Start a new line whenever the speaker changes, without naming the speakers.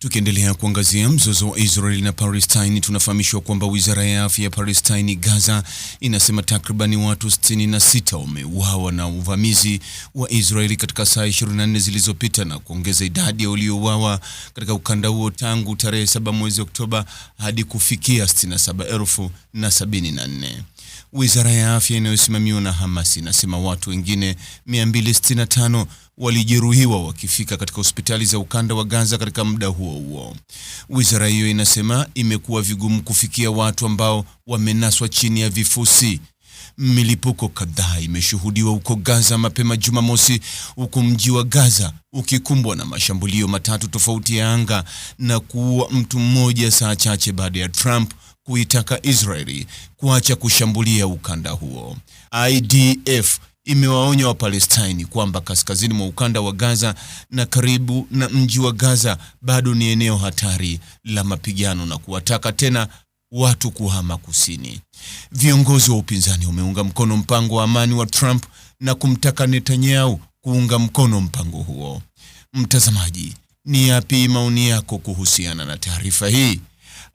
Tukiendelea kuangazia mzozo wa Israel na Palestine, tunafahamishwa kwamba Wizara ya Afya ya Palestine Gaza inasema takribani watu 66 wameuawa na uvamizi wa Israeli katika saa 24 zilizopita na kuongeza idadi ya waliouawa katika ukanda huo tangu tarehe 7 mwezi Oktoba hadi kufikia 67,074. Wizara ya Afya inayosimamiwa na Hamas inasema watu wengine 265 walijeruhiwa wakifika katika hospitali za ukanda wa Gaza katika muda huo huo. Wizara hiyo inasema imekuwa vigumu kufikia watu ambao wamenaswa chini ya vifusi. Milipuko kadhaa imeshuhudiwa huko Gaza mapema Jumamosi, huku mji wa Gaza ukikumbwa na mashambulio matatu tofauti ya anga na kuua mtu mmoja saa chache baada ya Trump kuitaka Israeli kuacha kushambulia ukanda huo. IDF imewaonya Wapalestini kwamba kaskazini mwa ukanda wa Gaza na karibu na mji wa Gaza bado ni eneo hatari la mapigano na kuwataka tena watu kuhama kusini. Viongozi wa upinzani wameunga mkono mpango wa amani wa Trump na kumtaka Netanyahu kuunga mkono mpango huo. Mtazamaji, ni yapi maoni yako kuhusiana na taarifa hii?